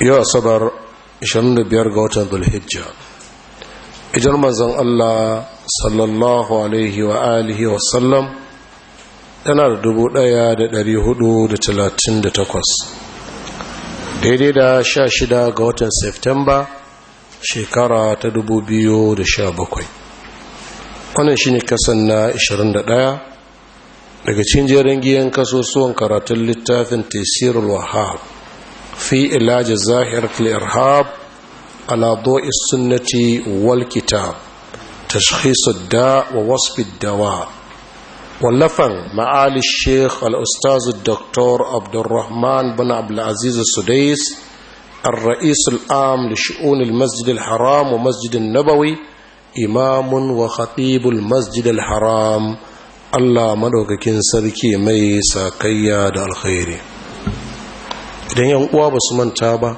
yau asabar 25 ga watan zulhijja ijar manzan Allah sallallahu alaihi wa alihi wa sallam yana da dubu da da dari hudu talatin takwas, daidai da sha shida ga watan Septemba shekara ta dubu biyu da sha bakwai. wannan shine kasan na 21 daga cikin jerin giyan kasusuwan karatun littafin tesirul wahab fi ilaj zahirat al-irhab ala dawi sunnati wal kitab tashkhis ad-da wa wasf ad-dawa wallafan ma'ali sheikh al-ustaz ad-doktor abdurrahman bin abdul aziz sudais الرئيس العام لشؤون المسجد الحرام ومسجد النبوي إمام وخطيب المسجد الحرام الله ملوك كن سركي ميسا كياد الخير idan yan uwa ba su manta ba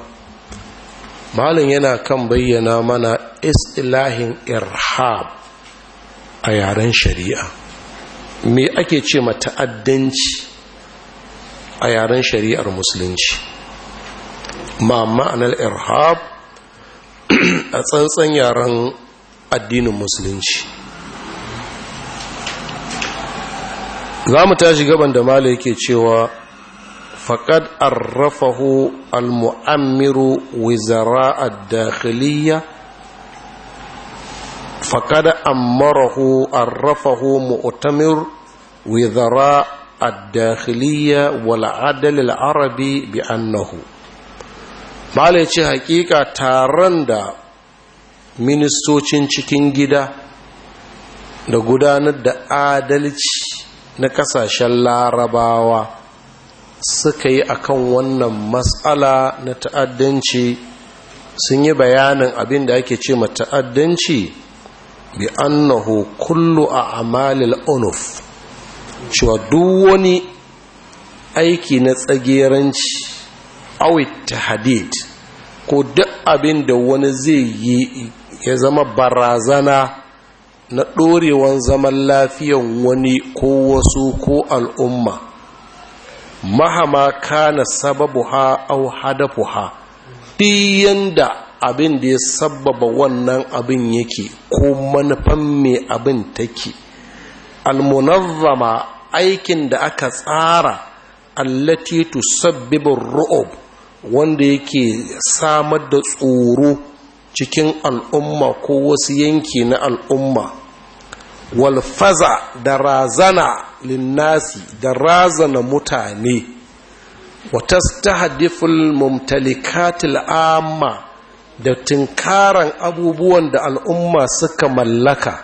malin yana kan bayyana mana istilahin irhab a yaren shari'a me ake ce ma ta'addanci a yaren shari'ar musulunci ma ma'anar irhab a tsantsan yaren addinin musulunci za mu tashi gaban da malin yake cewa faƙad arrafahu al-mu'ammiru wizara ad-dakhiliya faƙad ammarahu arrafahu mu'tamir wizara ad-dakhiliya wal adal arabi bi annahu malai ce hakika taron da ministocin cikin gida da gudanar da adalci na ƙasashen larabawa suka yi akan wannan matsala na ta'addanci sun yi bayanin abin da ake ce ta'addanci bi annahu kullu a amalil unuf cewa duk wani aiki na tsagiranci awit hadid ko duk abin da wani zai yi ya zama barazana na ɗorewan zaman lafiyan wani ko wasu ko al'umma mahama kana ha au hadafuha duk yanda abin da ya sababa wannan abin yake ko manufan mai abin take almunazzama aikin da aka tsara allati tusabbibur ru'ub wanda yake samar da tsoro cikin al'umma ko wasu yanki na al'umma walfaza da razana linnasi da razana mutane wata watastahdiful mumtalikatil amma da tinkaran abubuwan da al'umma suka mallaka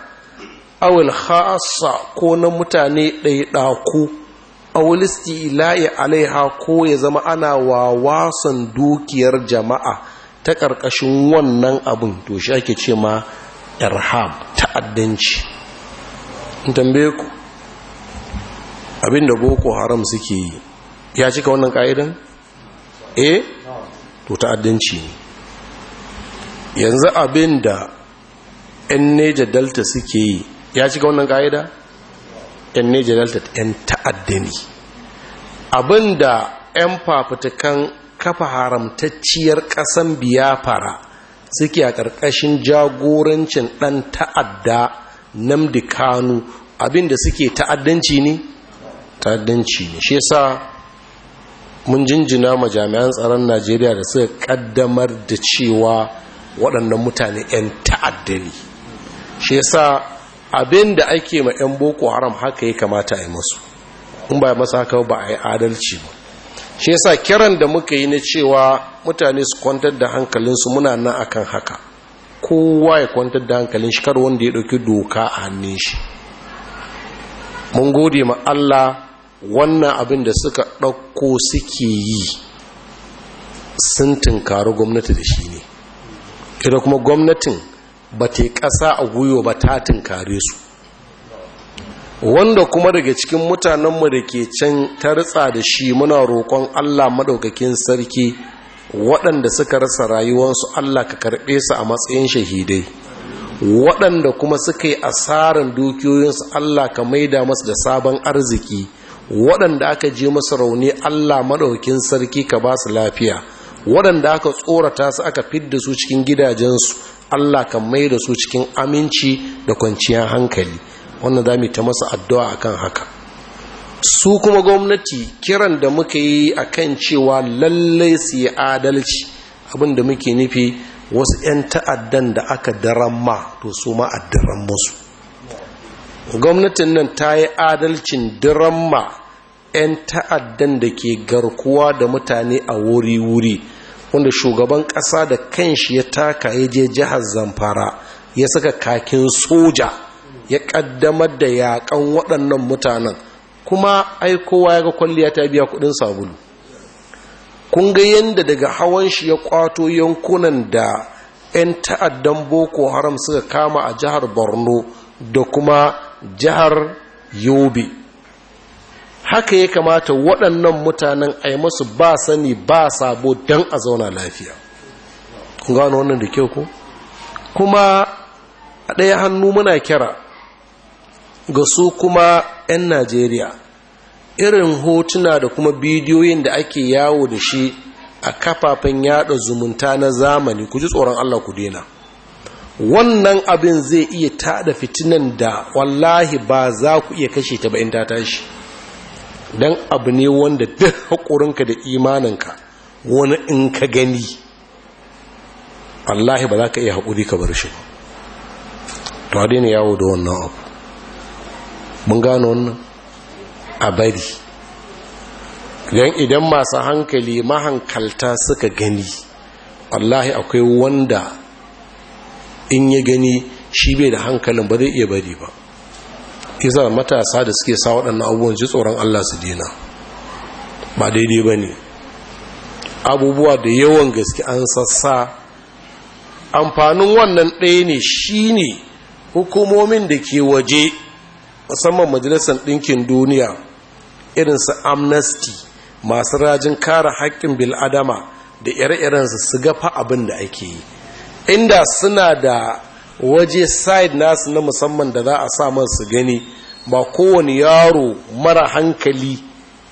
awil hasa ko na mutane ɗaiɗaku awil ila'i alaiha ko ya zama ana wawasan dukiyar jama'a ta ƙarƙashin wannan abin to shi ake ce ma irhab ta'addanci tambaye ku abinda boko haram suke yi ya cika wannan ka'idan eh to ta'addanci ne yanzu abinda yan neja delta suke yi ya cika wannan ka'ida yan neja delta yan ta'addani abinda yan fafutukan kafa haramtacciyar kasan biyafara suke a ƙarƙashin jagorancin ɗan ta'adda namdi kanu abinda suke ta'addanci ne ta'addanci ne shi yasa mun jinjina ma jami'an tsaron Najeriya da suka kaddamar da cewa waɗannan mutane 'yan ta'adda ne shi yasa abinda ake ma 'yan boko haram haka ya kamata a yi masu in ba masa haka ba a yi adalci ba shi yasa kiran da muka yi na cewa mutane su kwantar da hankalinsu muna nan akan haka kowa ya kwantar da hankalin shi kar wanda ya ɗauki doka a hannun shi mun gode ma Allah wannan abin da suka ɗauko suke yi sun tunkari gwamnati da shi ne ita kuma gwamnatin ba ta ƙasa a guyo ba ta tunkare su wanda kuma daga cikin mutanenmu da ke can ta ritsa da shi muna roƙon allah maɗaukakin sarki waɗanda suka rasa rayuwarsu Allah ka karɓe su a matsayin shahidai waɗanda kuma suka yi asarin dukiyoyinsu Allah ka maida masu da sabon arziki waɗanda aka je masu rauni Allah maɗaukin sarki ka ba su lafiya waɗanda aka tsorata su aka fidda su cikin gidajensu Allah ka maida su cikin aminci da kwanciyar hankali wannan za mu ta masa addu'a akan haka su kuma gwamnati kiran da muka yi a kan cewa lallai su yi adalci abinda muke nufi wasu 'yan ta'addan da aka daramma to su ma a daran musu gwamnatin nan ta yi adalcin daramma 'yan ta'addan da ke garkuwa da mutane a wuri-wuri wanda shugaban ƙasa da kanshi ya taka ya je jihar zamfara ya saka kakin soja ya ƙaddamar da yaƙan waɗannan mutanen kuma ai kowa ya ga kwalliya ta biya kudin sabulu kun ga yadda daga hawan shi ya kwato yankunan da 'yan ta'addan boko haram suka kama a jihar borno da kuma jihar yobe haka ya kamata waɗannan mutanen a yi masu ba sani ba sabo don a zauna lafiya kun gano wannan da kyau ko kuma a ɗaya hannu muna kira ga su kuma 'yan najeriya irin hotuna da kuma bidiyoyin da ake yawo da shi a kafafen yada zumunta na zamani ku ji tsoron allah ku dena wannan abin zai iya tada fitinan da wallahi ba za ku iya kashe ta ba in ta tashi don abu ne wanda duk haƙurinka da imaninka wani in ka gani wallahi ba za ka iya haƙuri ka bar shi ba to ne yawo da wannan abu mun gano wannan a bari don idan masu hankali mahankalta suka gani wallahi akwai wanda in yi gani shi bai da hankalin ba zai iya bari ba isa matasa da suke sa waɗannan abubuwan ji tsoron allah su dina ba daidai ba ne abubuwa da yawan gaske an sassa amfanin wannan ɗaya ne shi ne hukumomin da ke waje musamman majalisar ɗinkin duniya irinsu amnesty masu rajin kara haƙƙin bil'adama da ire-irensu su gafa abin da ake yi inda suna da waje side nasu na musamman da za a sa masu gani ba kowane yaro mara hankali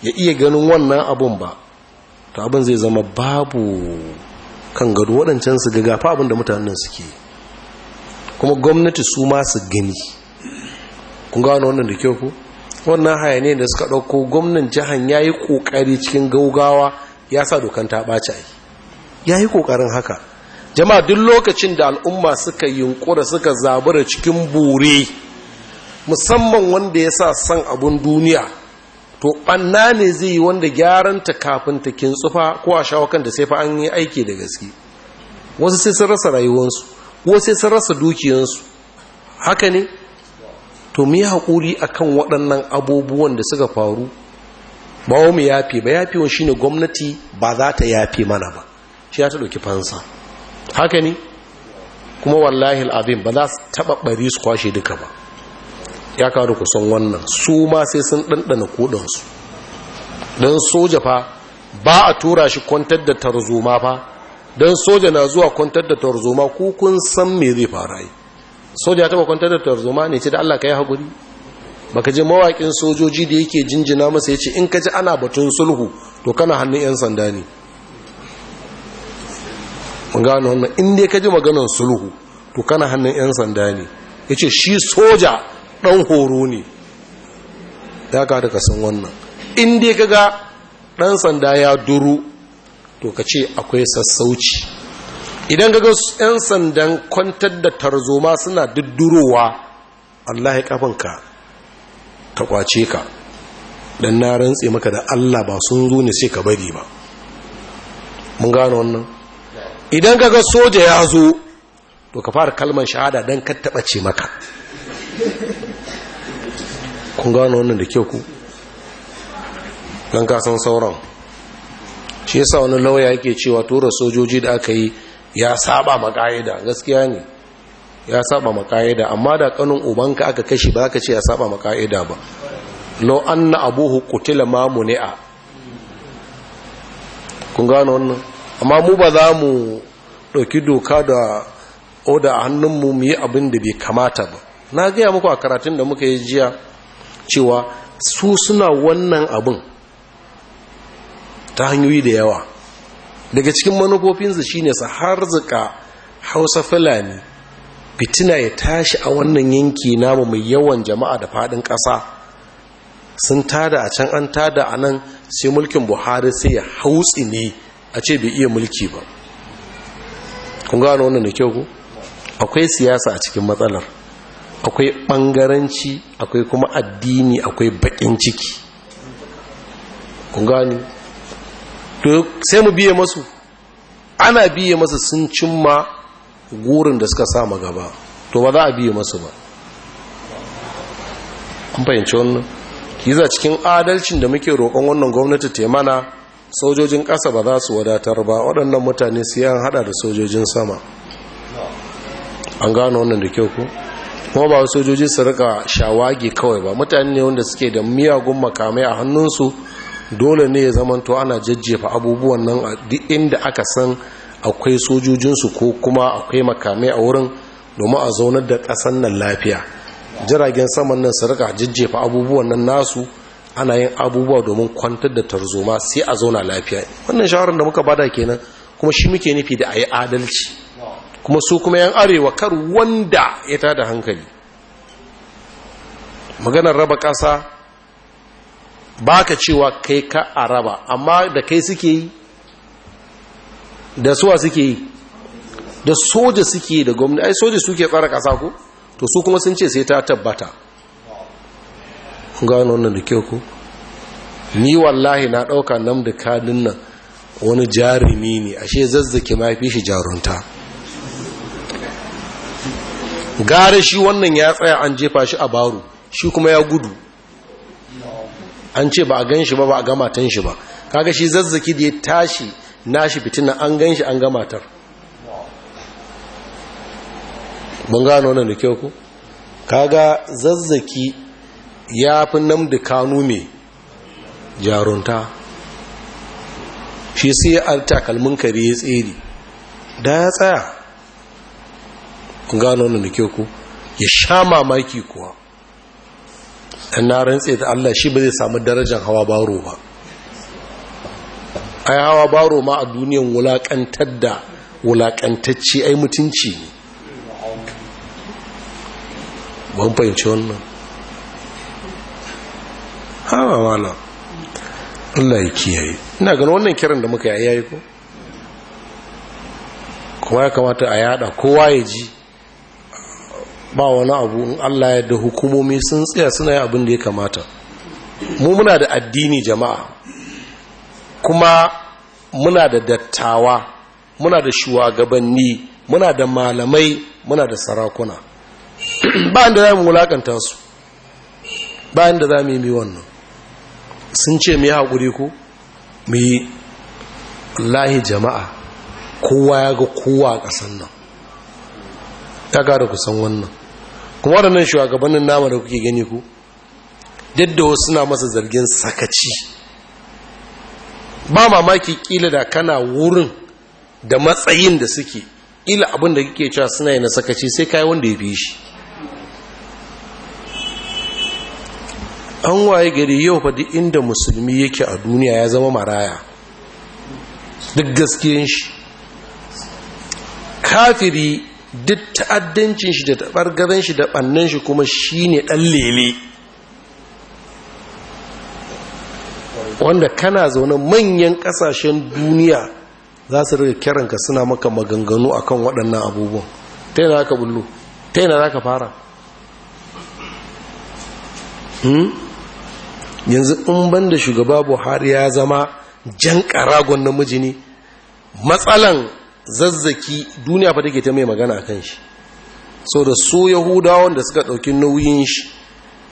ya iya ganin wannan abin ba to abin zai zama babu kan gado waɗancan su gafa abin da mutanen suke kuma gwamnati su ma su gani kun gano wannan da kyau ku wannan ne da suka dauko gwamnan jihan ya yi ƙoƙari cikin gaugawa ya sa dokan ta ɓaci ya yi kokarin haka jama'a duk lokacin da al'umma suka yunƙura suka zabura cikin bure musamman wanda ya sa son abun duniya to ɓanna ne zai yi wanda ta kafin ta kintsufa ko a shawakan da sai fa an yi aiki da gaske wasu sai sun rasa rayuwarsu wasu sai sun rasa dukiyarsu. haka ne to mu yi haƙuri akan waɗannan abubuwan da suka faru ba mu yafe ba shi ne gwamnati ba za ta yafe mana ba shi ya ta ɗauki fansa haka ne kuma wallahi al'adun ba za su taɓa ɓari su kwashe duka ba ya kawo ku san wannan su ma sai sun ɗanɗana kodansu don soja fa ba a tura shi kwantar da tarzoma fa don soja na zuwa kwantar da tarzoma ko kun san me zai fara yi soja ta kwantar da tarzoma ne ce da Allah ka yi haƙuri baka ji mawaƙin sojoji da yake jinjina masa ya ce in ka ji ana batun sulhu to kana hannun 'yan sanda ne gano wannan in ka ji maganar sulhu to kana hannun 'yan sanda ne ya ce shi soja ɗan horo ne ya ka da kasan wannan in ka ga ɗan sanda ya duru to ka ce akwai sassauci idan ga 'yan sandan kwantar da tarzoma suna duddurowa allah ya kafanka ka kwace ka don na rantse maka da allah ba sun zo ne sai ka bari ba mun gano wannan idan ga soja ya zo to ka fara kalmar shahada don ka taba ce maka kun gano wannan da kyau ku don kasan sauran shi yasa wani lauya yake cewa tura sojoji da aka yi ya saba makayida gaskiya ne ya saba makayida amma da kanun ubanka aka kashi ba ka ce ya saba ma ba lau anna abuhu kutila mamuni'a kun gano wannan amma mu ba za mu ɗauki doka da oda a hannunmu mu yi abin da bai kamata ba na gaya muku a karatun da muka yi jiya cewa su suna wannan abin ta hanyoyi da yawa daga cikin manufofinsu shine su harzuka hausa fulani fitina ya tashi a wannan yanki namu mai yawan jama'a da fadin ƙasa sun tada a can an tada a nan sai mulkin buhari sai ya hautsi ne a ce bai iya mulki ba kun gano wannan da kyau ku akwai siyasa a cikin matsalar akwai ɓangaranci akwai kuma addini akwai baƙin ciki kun gani to sai mu biye masu ana biye masa sun cimma gurin da suka sama gaba to ba za a biye masu ba kun fahimci wannan kiza cikin adalcin da muke roƙon wannan gwamnati ta mana sojojin ƙasa ba za su wadatar ba waɗannan mutane su an hada da sojojin sama an gano wannan da kyau ku kuma ba sojoji su rika shawagi kawai ba mutane ne wanda suke da miyagun makamai a hannunsu dole ne ya zamanto ana jajjefa abubuwan nan a duk inda aka san akwai sojojinsu ko kuma akwai makamai a wurin domin a zaunar da ƙasan nan lafiya jiragen saman nan su rika jajjefa abubuwan nan nasu ana yin abubuwa domin kwantar da tarzoma sai a zauna lafiya wannan shawarar da muka bada kenan kuma shi muke nufi da a yi adalci kuma su kuma yan arewa kar wanda ya tada hankali maganar raba ƙasa ba ka cewa kai ka araba amma da kai suke yi da suwa suke yi da soja suke da gwamna. ai soja suke tsara ƙasa ku to su kuma sun ce sai ta tabbata gano wannan da kyau ku ni wallahi na ɗauka nan da kadin nan wani jarumi ne ashe zazzake ma fi shi jarunta gara shi wannan ya tsaya an jefa shi a baro shi kuma ya gudu an ce ba a gan shi ba ba a ga matan shi ba kaga shi zazzaki da ya tashi nashi fitina an gan shi an ga matar mun gano wannan da kyau ku kaga zazzaki ya fi namdi kanu mai jarunta shi sai an takalmin kare ya tsere da ya tsaya mun gano wannan da kyau ku ya sha mamaki kuwa dan na rantse da Allah shi ba zai samu darajar hawa baro ba ai hawa baro ma a duniyan wulakantar da wulakantacci ai mutunci ne ban fahimci wannan hawa wala Allah ya kiyaye ina ganin wannan kiran da muka yi yayi ko kuma ya kamata a yada kowa ya ji ba wani abu in Allah ya da hukumomi sun tsaya suna yi abin da ya kamata mu muna da addini jama'a kuma muna da dattawa muna da shugabanni muna da malamai muna da sarakuna ba inda za mu wulakanta su ba inda za mu yi wannan sun ce mu yi haƙuri ko mu yi lahi jama'a kowa ya ga kowa a ƙasan nan ta gara kusan wannan kuma waɗannan shugabannin nama da kuke gani ku yadda wasu suna masa zargin sakaci ba mamaki ƙila da kana wurin da matsayin da suke ƙila abin da kike cewa suna yi na sakaci sai kayi wanda ya fi shi an waye gari yau faɗi inda musulmi yake a duniya ya zama maraya duk gaskiyan shi kafiri duk ta'addancin shi da tabargaren shi da bannan shi kuma shi ne ɗan lele wanda kana zaune manyan ƙasashen duniya za su rika kiranka suna maka maganganu a kan waɗannan abubuwan ta yana za ka bullo ta yana za ka fara hmm? yanzu in ban da shugaba buhari ya zama jan ƙaragon namiji ne matsalan zazzaki duniya fa take ta mai magana kan shi so da su yahudawan da suka ɗauki nauyin shi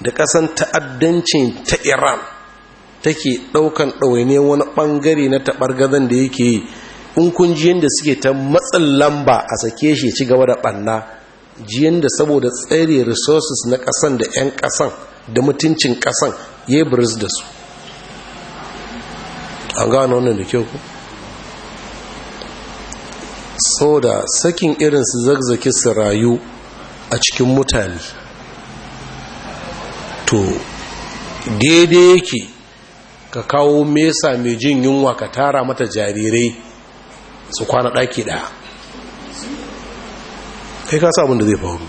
da ƙasan ta'addancin ta iran take ɗaukan dawaine wani ɓangare na taɓargazan da yake yi in kun ji yadda suke ta matsin lamba a sake shi ci gaba da ɓanna ji yadda saboda tsere resources na ƙasan da 'yan ƙasan da mutuncin ƙasan ya yi da su an gano wannan da kyau ku saboda sakin irin su zagzake su rayu a cikin mutane to daidai yake ka kawo mesa mai jin yunwa ka tara mata jarirai su kwana ɗaki ɗaya kai ka sa da zai faru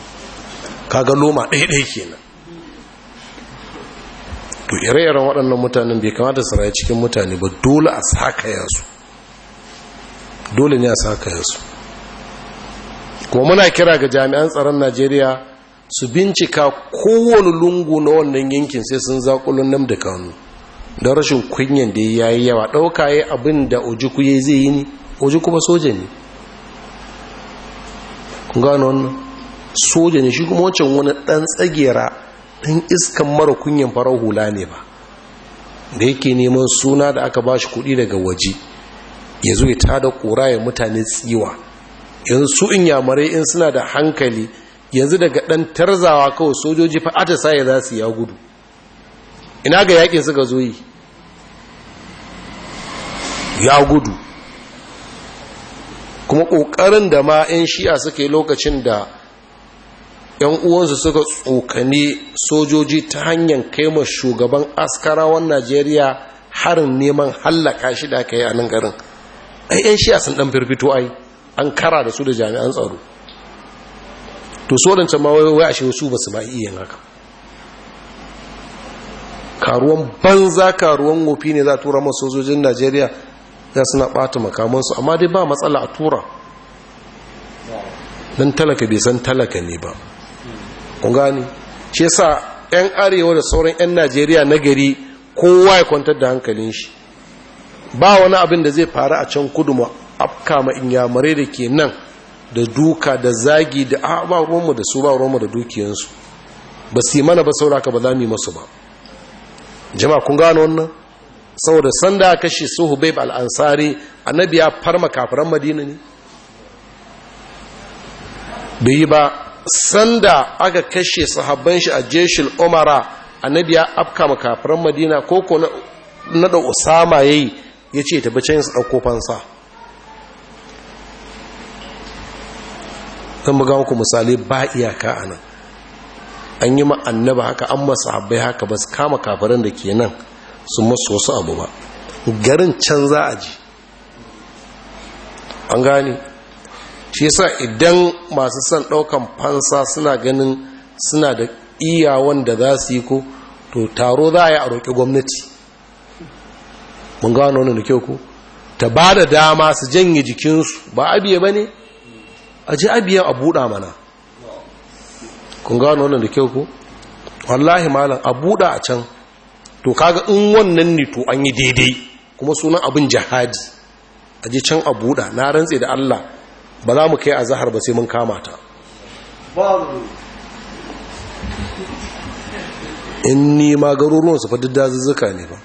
ka ga loma ɗaiɗai kenan to ire-iren waɗannan mutanen bai kamata su rayu cikin mutane ba dole a sakaya su dole ne a sakaya su kuma muna kira ga jami'an tsaron najeriya su bincika kowane lungu na wannan yankin sai sun zakulun nan da kanu don rashin kunyan da ya yi yawa ɗauka ya abin da ojiku ya zai yi ne ojiku ba soja ne gano wannan soja ne shi kuma wancan wani ɗan tsagera ɗan iskan mara kunyan farar hula ne ba da yake neman suna da aka ba shi kuɗi daga waje ya zo ya tada ƙura ya mutane tsiwa yanzu su in yamurai in suna da hankali yanzu daga ɗan tarzawa kawai sojoji fa ata ya za su ya gudu ina ga yakin suka zo yi ya gudu kuma ƙoƙarin da ma 'yan shi'a suke lokacin da 'yan uwansu suka tsokane sojoji ta hanyar kaimar shugaban askarawan najeriya harin neman hallaka shi da aka yi a nan garin ai 'yan shi'a sun ɗan firfito ai an kara da su da jami'an tsaro to su wadancan ma wai ashe su ba su ma iya haka karuwan banza karuwan wofi ne za a tura masu sojojin najeriya za suna ɓata makamansu amma dai ba matsala a tura don talaka bai san talaka ne ba kun gani ce sa 'yan arewa da sauran 'yan najeriya na gari kowa ya kwantar da hankalin shi ba wani abin da zai faru a can kudu afka ma inyamurai da ke nan da duka da zagi da a ah, ba ruwanmu da su ba ruwanmu da dukiyansu ba su yi mana ba sauraka ba za mu yi masu ba jama'a kun gano wannan saboda sanda aka kashe su hubeb al'ansari annabi ya farma kafiran madina ne bai yi ba sanda aka kashe sahabban shi a jeshin umara annabi ya afka ma kafiran madina ko ko na da usama yayi yace tabbacin su dauko fansa zan buga muku misali ba iyaka a nan an yi ma'annaba haka an Habbai haka ba su kama kafaran da ke nan su masu wasu abu ba garin can za a ji an gane shi yasa idan masu son ɗaukan fansa suna ganin suna da iyawan da za su yi ko to taro za a yi a roƙi gwamnati mun gano wani da kyau ku ta ba da dama su janye jikinsu ba abiye ba ne a ji abiya a buɗa mana kun gano wannan da kyau ku wallahi malam a buɗa a can to kaga in wannan ne to an yi daidai kuma sunan abin jihadi a ji can a buɗa na rantse da Allah ba za mu kai a zahar ba sai mun kama ta in ni ma garuruwan su faɗi dazuzzuka ne ba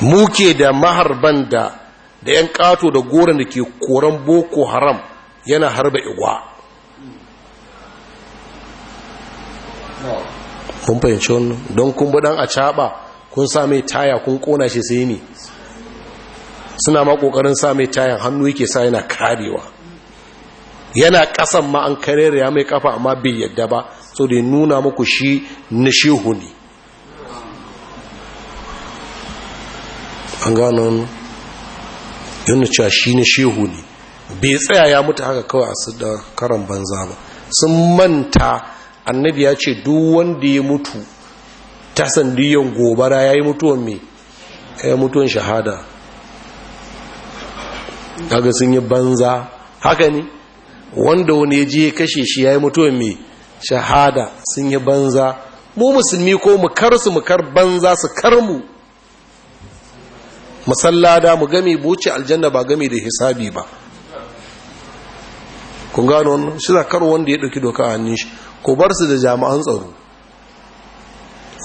muke da maharban da da yan kato da goron da ke koran boko haram yana harba igwa kun fahimci wannan don kun budan a caba kun sa mai taya kun kona shi sai ne suna ma kokarin sa mai tayan hannu yake sa yana karewa yana kasan ma an karere ya mai kafa amma bai yadda ba so da nuna muku shi na shehu ne an gano yana cewa shi ne shehu ne bai tsaya ya mutu haka kawai a da karan banza ba sun manta annabi ya ce duk wanda ya mutu ta sandiyan gobara ya yi mutuwan mai ya mutuwan shahada daga sun yi banza haka ne wanda wani ya je kashe shi ya yi mutuwan mai shahada sun yi banza mu musulmi ko mu kar su mu kar banza su karmu. masallada mu gami buci aljanna ba gami da hisabi ba kun gano wannan shi zakar wanda ya ɗauki doka a hannun shi ko bar su da jami'an tsaro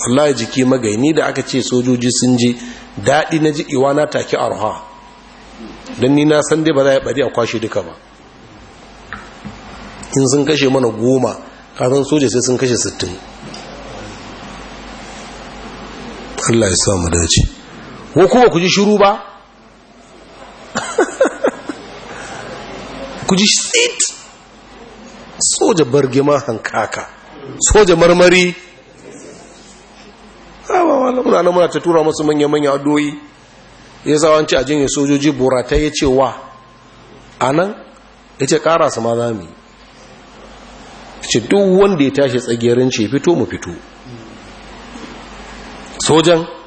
wallahi jiki magaini da aka ce sojoji sun je daɗi na ji iwana take arha don ni na san dai ba za a bari a kwashe duka ba in sun kashe mana goma kasan soja sai sun kashe sittin Allah ya sa mu dace ko kuma ku ji shiru ba ku ji sit soja bargima hankaka soja marmari haɓa wala muna muna ta tura masu manya-manya adoyi ya zawanci a jinyar sojoji burata ya ce wa a nan ya ce ƙara su ma zami ce duk wanda ya tashi tsagiyarin ce fito mu fito sojan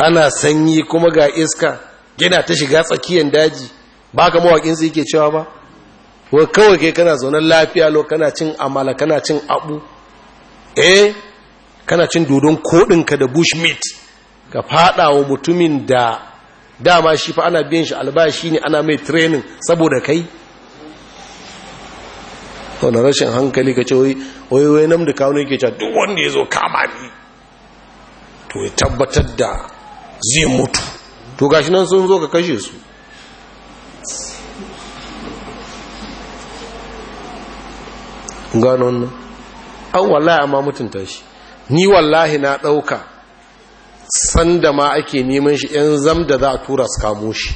ana sanyi kuma ga iska yana ta shiga tsakiyar daji ba ka mawaƙin su yake cewa ba wa kawai kai kana zaunar lafiya lo kana cin amala kana cin abu eh kana cin dodon koɗinka da bush meat ka fada wa mutumin da dama shi fa ana biyan shi albashi ne ana mai training saboda kai wani rashin hankali ka ce wai wai nam da kawo ne ke cewa duk wanda ya zo kama ni to ya tabbatar da zai mutu to gashi nan sun zo ka kashe su gano wannan an wallahi amma mutunta shi ni wallahi na ɗauka sanda ma ake neman shi ‘yan zam da za a tura su kamo shi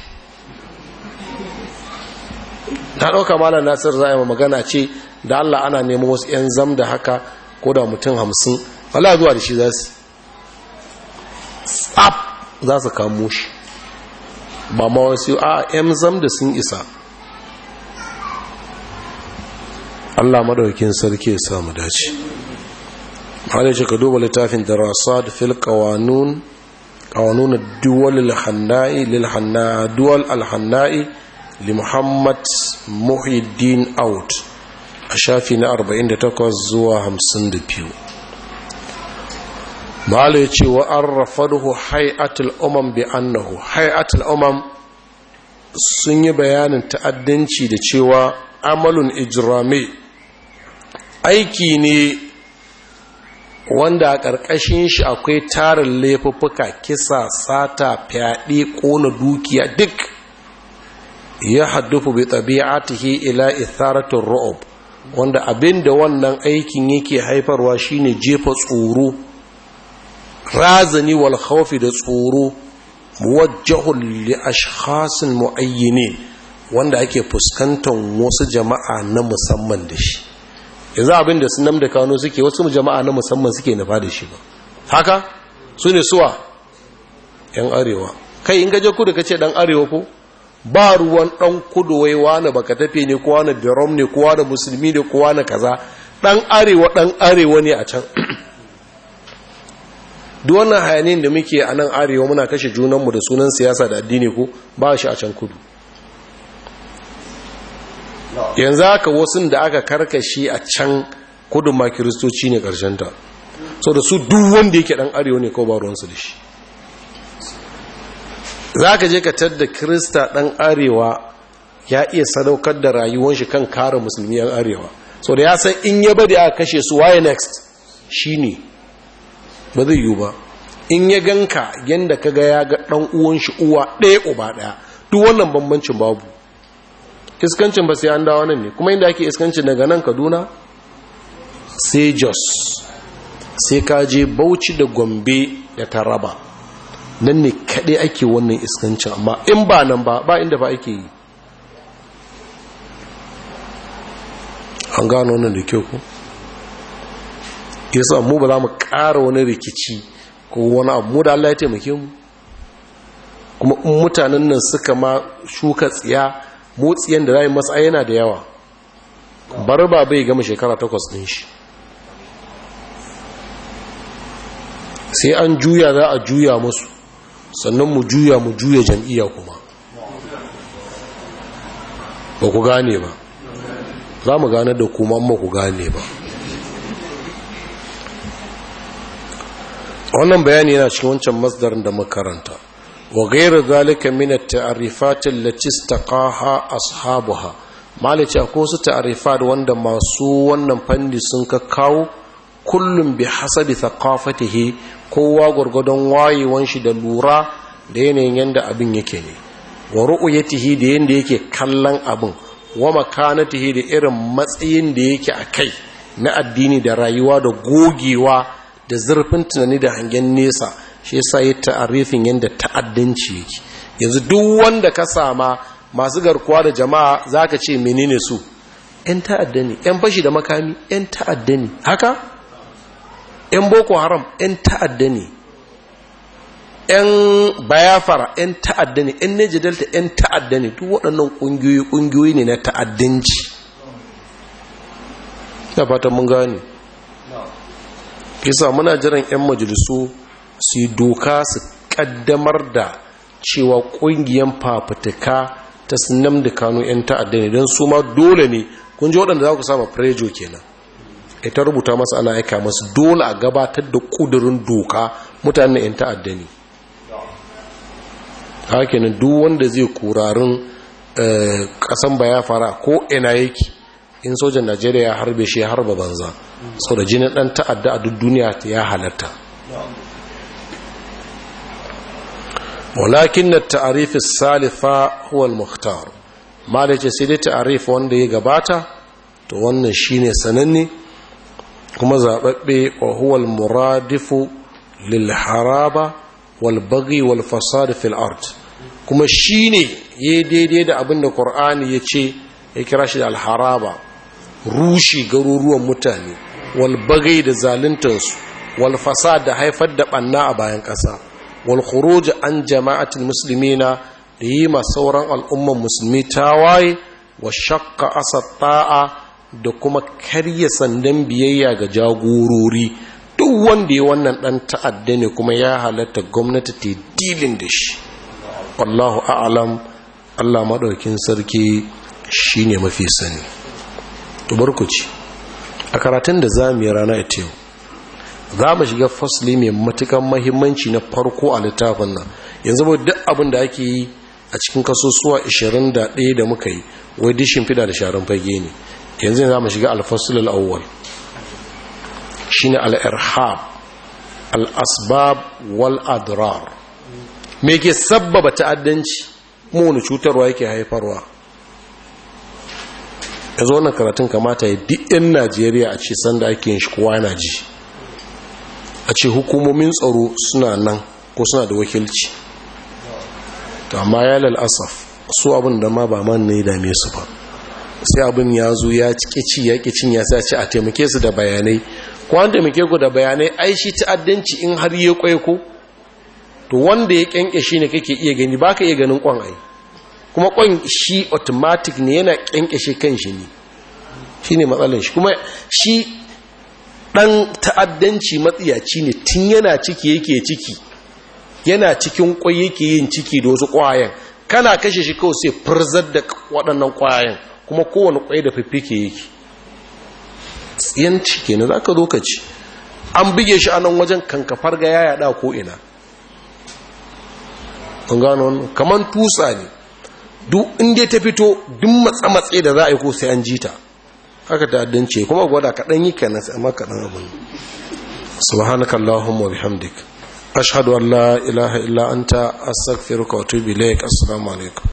ta ɗauka malar sir za a yi magana ce da Allah ana neman wasu ‘yan zam da haka ko da mutum hamsin wallahi zuwa da shi za su tsab za su kamo shi ba ma wasu a emzam da sun isa allah maɗaukin sarki ya samu dace hali shi ka duba littafin da rasad fil kawanun kawanun duwal alhanna'i duwal alhanna'i li muhammad muhiddin out a shafi na 48 zuwa 52 Malu ya ce wa an rafarhu hai'atul umam bi annahu hai'atul umam sun yi bayanin ta'addanci da cewa amalun ijrami aiki ne wanda a ƙarƙashin shi akwai tarin laifuffuka kisa sata fyaɗe ƙona dukiya duk ya haddufu bi tabi'atihi ila itharatur ru'ub wanda abinda wannan aikin yake haifarwa shine jefa tsoro razani wal khawfi da tsoro muwajjahun li ashkhasin muayyinin wanda ake fuskantar wasu jama'a na musamman da shi yanzu abin da sunan da kano suke wasu jama'a na musamman suke nufa da shi ba haka su ne suwa yan arewa kai in gaje kudu kace dan arewa ko ba ruwan dan kudu wai wani baka tafe ne ko wani birom ne ko wani musulmi ne ko wani kaza dan arewa dan arewa ne a can duk wannan hayanin da muke a nan arewa muna kashe junanmu da sunan siyasa da addini ko ba shi a can kudu yanzu haka wasu da aka karkashi a can kudu ma kiristoci ne ta. so da su duk wanda yake dan arewa ne kawai ba ruwansu da shi za ka je ka tadda kirista dan arewa ya iya sadaukar da rayuwan shi kan kare musulmi yan arewa so da ya san in ya bari aka kashe su why next shi ne ba zai yiwu ba in ya ganka yanda ka ya ga ɗan uwan shi uwa ɗaya uba ɗaya duk wannan bambancin babu iskancin ba sai an dawo nan ne kuma inda ake iskancin daga nan Kaduna sai Jos sai ka je Bauchi da Gombe da Taraba nan ne kaɗe ake wannan iskancin amma in ba nan ba ba inda ba ake yi an gano nan da kyau ku. yasa mu ba za mu ƙara wani rikici ko wani abu da Allah ya taimake mu kuma mutanen nan suka ma shuka tsiya tsiyan da zai masa yana da yawa ba bai gama shekara takwas din shi sai an juya za a juya musu sannan mu juya mu juya jam'iyya kuma ba ku gane ba za mu gane da kuma amma ku gane ba wannan bayani yana cikin wancan masdarin da makaranta wa gairar zalika min at-ta'rifat allati istaqaha ashabuha malice ko su ta'rifat wanda masu wannan fanni sun ka kawo kullum bi hasabi thaqafatihi kowa gwargwadon wayewan shi da lura da yanayin yadda abin yake ne wa ru'yatihi da yanda yake kallon abin wa makanatihi da irin matsayin da yake a kai na addini da rayuwa da gogewa da zurfin tunani da hangen nesa shi yasa yi ta'arifin yadda ta'addanci yake yanzu duk wanda ka sama masu garkuwa da jama'a zaka ce menene su yan ta'adda ne yan bashi da makami yan ta'adda ne haka yan boko haram yan ta'adda ne yan bayafara yan ta'adda ne yan delta yan ta'adda ne duk waɗannan ƙungiyoyi ƙungiyoyi ne na ta'addanci ya fatan mun gane yasa muna jiran 'yan majalisu su doka su kaddamar da cewa ƙungiyar fafutuka ta sinam da kano 'yan ta'adda ne don su ma dole ne kun ji waɗanda za ku sama prejo kenan ita rubuta masu ana aika masu dole a gabatar da ƙudurin doka mutanen 'yan ta'adda ne haka duk wanda zai kurarin eh, ƙasan baya fara ko ina yake in sojan najeriya ya harbe shi ya harba banza So da jinin ɗan ta'adda a duk duniya ta ya halatta walakin na ta'arifin salifa huwal muhtar ma da ce sai dai ta'arif wanda ya gabata to wannan shine sananne kuma zaɓaɓɓe wa huwal muradifu lil haraba wal bagi wal fasad fil art kuma shine ya daidai da abin da qur'ani ya ce ya kira shi da alharaba rushe garuruwan mutane walbagai da zaluntansu walfasa da haifar da ɓanna a bayan ƙasa walkhuruj an jama'atul musulmina da yi ma sauran al'ummar musulmi tawaye wa shakka asa ta'a da kuma karya sandan biyayya ga jagorori duk wanda ya wannan dan ta'adda ne kuma ya halatta gwamnati ta dilin da shi wallahu al'am, allah maɗaukin sarki shine mafi sani ci a karatun da za mu yi rana ita yau za mu shiga fasli mai matukan mahimmanci na farko a littafin nan yanzu ba duk abin da ake yi a cikin kasusuwa 21 da muka yi wai dishin fida da sharan fage ne yanzu za mu shiga alfasul al'awwal shine al-irhab al-asbab wal adrar me ke sabbaba ta'addanci mu wani cutarwa yake haifarwa ya zo wannan karatun kamata ya duk 'yan najeriya a ce sanda ake yin shi kowa na ji a ce hukumomin tsaro suna nan ko suna da wakilci to amma ya lalasaf su abin da ma ba man ne dame su ba sai abin ya zo ya ci ya ƙicin ya sa ce a taimake su da bayanai ko an taimake ku da bayanai ai shi ta'addanci in har ya kwaiko to wanda ya kyanke shi ne kake iya gani baka iya ganin kwan ai kuma kwan shi automatic ne yana kyankyashe kan shi ne shi ne matsalin shi kuma shi dan ta'addanci matsiyaci ne tun yana ciki yake ciki yana cikin kwai yake yin ciki da wasu kwayan kana kashe shi kawai sai furzar da waɗannan kwayan kuma kowane kwai da fiffike yake tsiyanci na za ka zo ka ci an buge shi a nan wajen kankafar ga yaya da ko ina gano kamar tusa ne duk inda ta fito duk matsa-matsa da za a yi ko sai an ji ta haka ta'addance kuma gwada kaɗan yi kenan sai amma kaɗan abin subhanakallahumma bihamdik ashhadu an la ilaha illa anta astaghfiruka wa atubu assalamu alaikum